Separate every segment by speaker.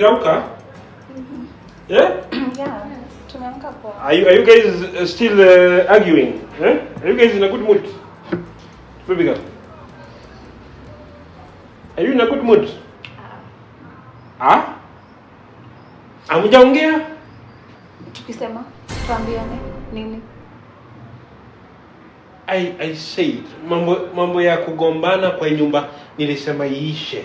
Speaker 1: Mlirauka? Mm-hmm. Yeah? Yeah. Are you, are you guys uh, still uh, arguing? Eh? Are you guys in a good mood? Baby Are you in a good mood? Ah? Uh, ah? Hamjaongea?
Speaker 2: Tukisema tuambiane nini?
Speaker 1: I, I said mambo mambo ya kugombana kwa nyumba nilisema iishe.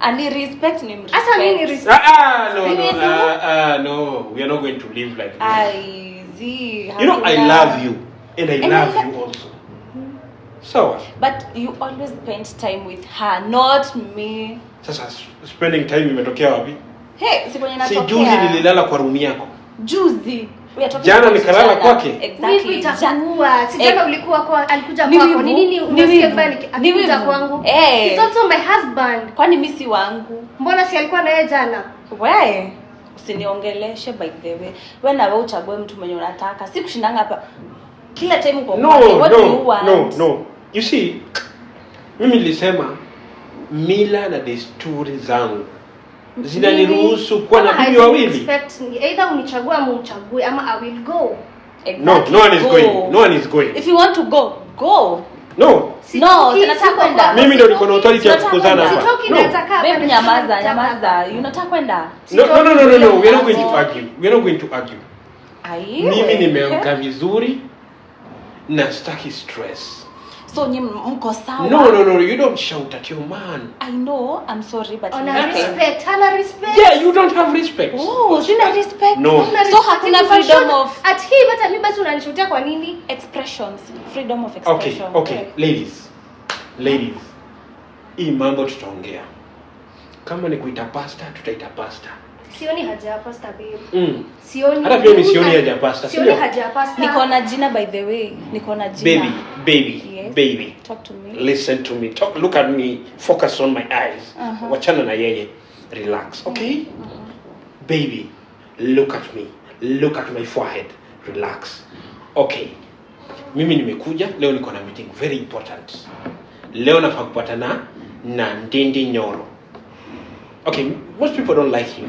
Speaker 3: Ani respect ni
Speaker 2: respect.
Speaker 1: Ah, ah no, ah, ah, no. We are not going to live like this.
Speaker 3: I see.
Speaker 1: You know, I love you. And I and love you also. So,
Speaker 3: but you always spend time with her, not me.
Speaker 1: spending time imetokea wapi? Hey, juzi nililala kwa room yako.
Speaker 3: Juzi.
Speaker 1: Jana nikalala kwake.
Speaker 2: Exactly.
Speaker 3: Kwani si wangu?
Speaker 2: Mbona si alikuwa jana?
Speaker 3: usiniongeleshe by the way. uchague mtu mwenye unataka. Si kushindanga hapa. Kila time
Speaker 1: no, what do you want? No, no. You see, mimi nilisema mila na desturi zangu zinaniruhusu kuwa nabii wawili.
Speaker 2: Either unichague ama umchague ama I will go.
Speaker 1: No, no one is going. No one is going.
Speaker 3: If you want to go, go. No. No, tunataka kwenda.
Speaker 1: Mimi ndio niko na authority ya kukuzana
Speaker 2: hapa. Sitoki na nataka.
Speaker 3: Babe nyamaza, nyamaza. Unataka kwenda?
Speaker 1: No, no, no, no, no. We are not going to argue. We are not going to argue. Ayo. Mimi nimeamka vizuri na sitaki stress
Speaker 3: so nyi mko sawa.
Speaker 1: No, no, no, you don't shout at your man.
Speaker 3: I know, I'm sorry
Speaker 2: but ona okay. respect, hana respect.
Speaker 1: Yeah, you don't have respect.
Speaker 3: Oh, sina respect. No. So hakuna freedom of
Speaker 2: at hii hata mimi basi unanishutia kwa nini?
Speaker 3: Expressions, freedom of
Speaker 1: expression. Okay, okay, ladies. Ladies. Hii mambo tutaongea. Kama ni kuita pasta, tutaita pasta.
Speaker 2: Sioni haja ya pasta babe.
Speaker 1: Mm. Sioni. Hata mimi sioni haja ya pasta.
Speaker 2: Sioni haja ya pasta.
Speaker 3: Niko na jina by the way. Niko na
Speaker 1: jina. Baby, baby, yes. baby. Talk to me. Listen to me. Talk, look at me. Focus on my eyes. Uh-huh. Wachana na yeye. Relax, mm. okay? Uh-huh. Baby, look at me. Look at my forehead. Relax. Okay. Mimi nimekuja leo, niko na meeting very important. Leo nafaa kupatana na Ndindi Nyoro. Okay, most people don't like him.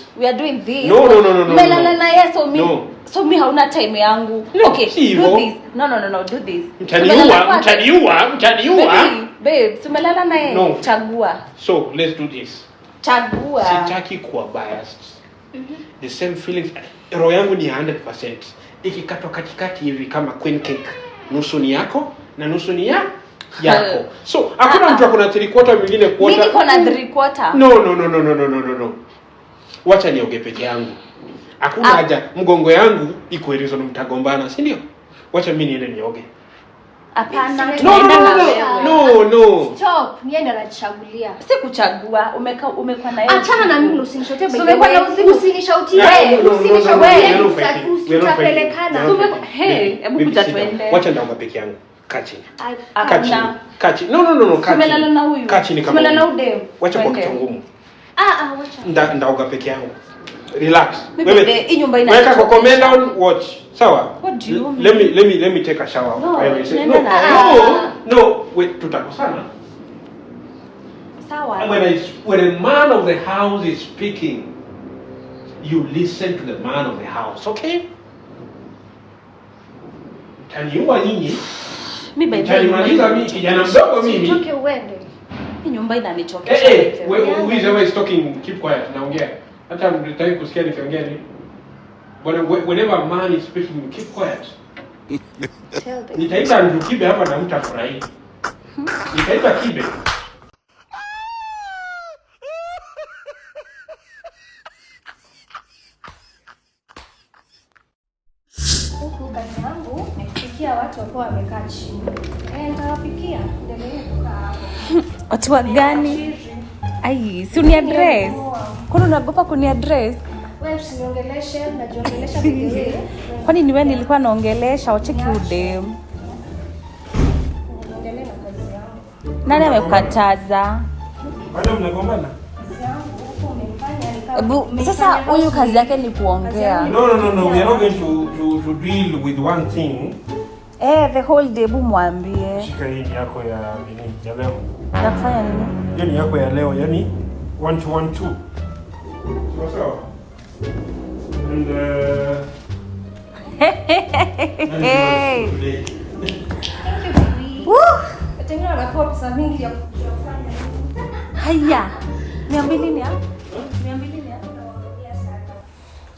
Speaker 3: we are doing this
Speaker 1: no no no no no
Speaker 3: melala na yeye so mimi no. so mimi hauna time yangu no, okay si do this no no no no do this
Speaker 1: mtaniua mtaniua mtaniua babe
Speaker 3: babe so tumelala na yeye no. chagua
Speaker 1: so let's do this
Speaker 3: chagua
Speaker 1: sitaki kuwa biased mm-hmm. the same feelings roho yangu ni 100% ikikatwa katikati hivi kama queen cake nusu ni yako na nusu ni ya yako so hakuna mtu akona three quarter mwingine
Speaker 3: quarter mimi niko na three quarter
Speaker 1: no no no no no no no no wacha nioge peke yangu, hakuna ah. haja, mgongo yangu iko na mtagombana, si ndio? Wacha mimi niende nioge. Hapana, no, no, no, No, no. no.
Speaker 2: Stop, yeye ndiye anachagulia.
Speaker 3: Si kuchagua, umeka umekuwa na
Speaker 2: yeye. Achana na mimi usinishotee by
Speaker 3: the Umekuwa na usiku usinishauti wewe, usinishotie wewe.
Speaker 1: Tutapelekana.
Speaker 3: Hey, hebu kuja twende.
Speaker 1: Wacha ndaoga peke yangu. Kachi. Kachi. Kachi. No, no, no, no, kachi.
Speaker 3: Tumelala na huyu. Kachi ni kama. Tumelala na udem.
Speaker 1: Wacha kwa kitu ngumu. Ah, ah, Nda- ndaoga peke yangu. Relax.
Speaker 3: Wewe hii nyumba ina
Speaker 1: weka down watch. Sawa? What do you mean? Let me let me let me take a shower.
Speaker 3: No, I will say. No. No,
Speaker 1: ah. no, wait, tutakosana. Sawa. When I, when a man of the house is speaking, you listen to the man of the house, okay? Mtaniua nyinyi. Mimi by you what Mtaniua mimi kijana mdogo
Speaker 2: mimi. Tutoke uende
Speaker 3: nyumba inanichokesha.
Speaker 1: Hey, eh, eh, hey, keep quiet, naongea. Hata mtaki kusikia nikiongea ni. whenever man is speaking, keep quiet. Nitaita Andrew Kibe hapa na mtafurahi. Hmm? Nitaita Kibe.
Speaker 3: kupikia watu wakuwa wamekaa chini. Eh, nitawapikia. Endelee hapo. Watu wa gani? Ai, si uni address. Kwani unaogopa kuni address?
Speaker 2: Wewe usiniongeleshe, najiongelesha kidogo.
Speaker 3: Kwani ni wewe nilikuwa naongelesha, wache kiudem. Nani amekukataza?
Speaker 1: Bado mnagombana?
Speaker 3: Bu, Sasa huyu kazi yake ni kuongea.
Speaker 1: No, no, no, no. We are not going to, to, to deal with one thing.
Speaker 3: Eh, the whole day mwambie.
Speaker 1: Shika hii yako ya nini? Ya leo.
Speaker 3: Ya kufanya nini?
Speaker 1: Hiyo ni yako ya leo, yani 1 to 1 2. Sawa. And
Speaker 2: uh,
Speaker 3: Haya. Mia mbili hapo. Mia mbili hapo.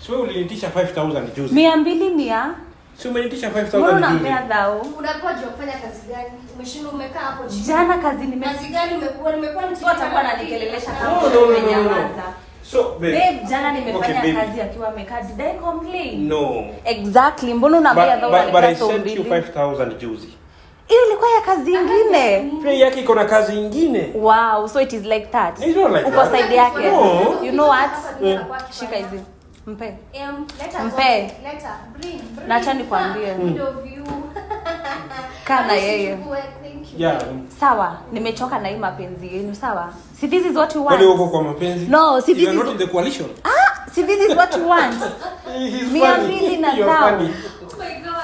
Speaker 1: Sio ulinitisha 5000 juzi.
Speaker 3: Mia ni hapo.
Speaker 1: Si umenitisha 5000
Speaker 3: mbona unapea dhao.
Speaker 2: Unakuwa je kufanya kazi gani? Umeshinda umekaa hapo chini.
Speaker 3: Jana kazi nime
Speaker 2: Kazi gani umekuwa nimekuwa mtu
Speaker 3: atakuwa ananikelelesha
Speaker 1: kama mtu umenyamaza. So babe,
Speaker 3: babe jana nimefanya okay, kazi akiwa amekaa. Did I complain? No. Exactly. Mbona unapea dhao but,
Speaker 1: kazi But I sent you 5000 juzi.
Speaker 3: Ile ilikuwa ya kazi nyingine. Ah,
Speaker 1: Play yake iko na kazi nyingine.
Speaker 3: Wow, so it is like that.
Speaker 1: Uko
Speaker 3: side yake. You know what? Shika hizi. Mpe. Um, Mpe. Nacha nikwambie. Kana yeye. Yeah. Sawa, nimechoka na hii mapenzi yenu, sawa? Si this is what you
Speaker 1: want. Wewe uko kwa mapenzi? No, si this is not the coalition.
Speaker 3: Ah, this is what you want.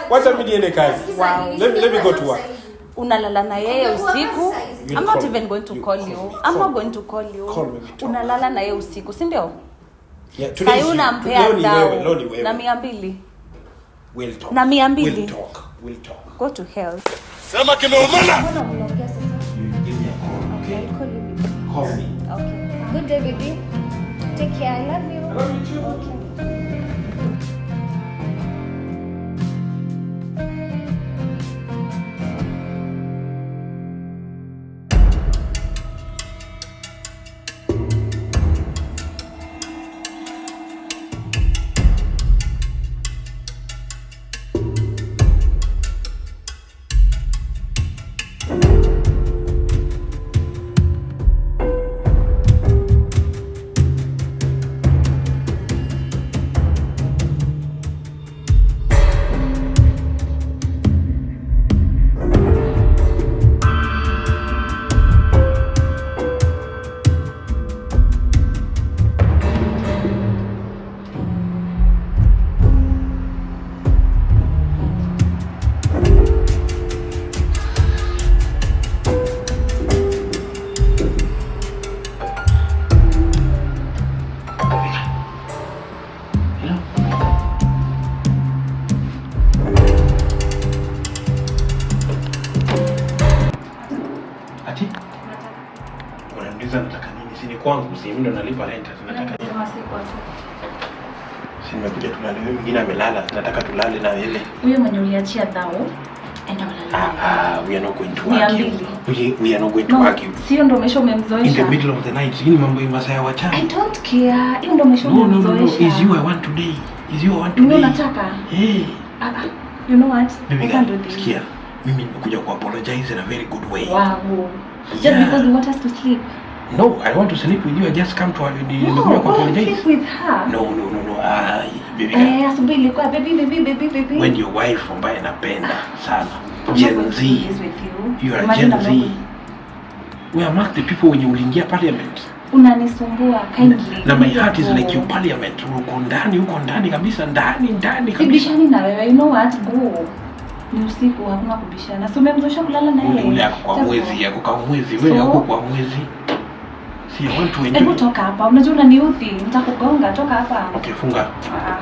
Speaker 1: Wacha oh mimi niende kazi. Let me let me go to work.
Speaker 3: Unalala na yeye usiku. I'm not even going to call you. I'm not going to call you. Unalala na yeye usiku, si ndio? Yeah, today Sayu na mia mbili na mia
Speaker 1: mbili
Speaker 2: Good day, baby. Take care. I love you. I
Speaker 1: love you too. Okay. kwangu, si mimi ndo nalipa rent. Tunataka Si nimekuja tulale, wewe mwingine amelala, tunataka tulale na yeye. Huyo mwenye uliachia dhao ah, ah, we are not going to argue. We, we are not going to argue. Sio ndo umesha umemzoesha. In the mambo ya masaa ya wachana. I don't care. Hiyo ndo umesha umemzoesha. is you I want today. Is you I want today. Mimi nataka. Eh. Ah, you know what? sikia. Mimi nimekuja ku apologize in a very good way. Wow. Just because you want us to sleep. No, I want to sleep with you. I just come to no, nimekuja With her. No, no, no, no. Ah, baby. Eh, ah. asubuhi ilikuwa baby baby baby baby. When your wife ambaye napenda ah, sana. Gen Z. You are Gen Z. We are marked the people wenye uliingia parliament. Unanisumbua kaingi. Na my heart is like your parliament. Uko ndani, uko ndani kabisa, ndani, ndani kabisa. Bishani na wewe, you know what? Go. Ni usiku, hakuna kubishana. Si umemzusha kulala na yeye. Ule yako kwa mwezi, yako kwa mwezi, wewe yako kwa mwezi. Hebu toka hapa, unajua unaniudhi, nitakugonga. Toka hapa. Okay, funga. Ah.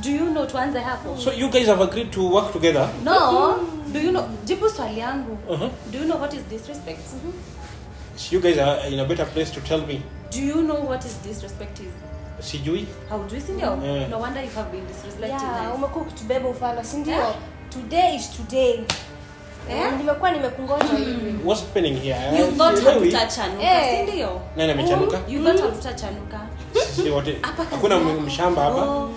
Speaker 1: Do you know tuanze hapo? So you guys have agreed to work together? No. mm -hmm. Do you know jibu swali yangu. Uh -huh. Do you know what is disrespect? Mm -hmm. So you guys are in a better place to tell me. Do you know what is disrespect is? Sijui. how do you see Yeah. No wonder you have been disrespected Yeah, eh. umekuwa ukitubeba ufala, si ndio? Yeah. Today is today. Eh? eh nimekuwa nimekungoja hivi. What's happening here? You eh, thought hatutachanuka, si ndio? Nani amechanuka? You thought hatutachanuka. Hakuna mshamba hapa. Oh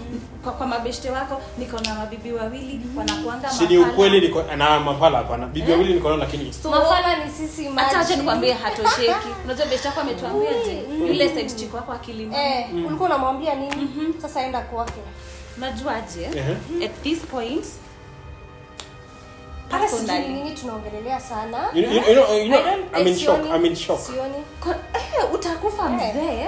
Speaker 1: kwa, kwa mabeshte wako niko na mabibi wawili mm. wanakuanga mafala. Si ni ukweli niko na mafala hapa na bibi eh? wawili niko nao lakini. So, mafala ni sisi maji. Hata acha nikwambie hatosheki. Unajua beshte yako ametuambia mm-hmm. je, mm-hmm. yule side chick wako akilimu eh, mm. ulikuwa unamwambia nini? mm -hmm. Sasa enda kwake. Najuaje? At this point nini tunaongelelea sana. You know, you know, you know, I'm in shock. I'm in shock. Sioni. Kwa, eh, Utakufa eh. mzee.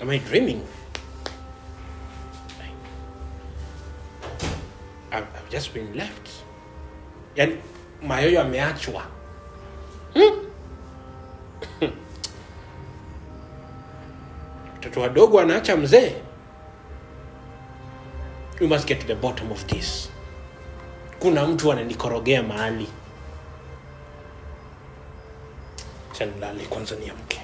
Speaker 1: Am I dreaming? I've just been left. And Mayoyo ameachwa hmm? mtoto hmm? wadogo anaacha mzee. We must get to the bottom of this. Kuna mtu ananikorogea mahali. Chanilale kwanza ni amke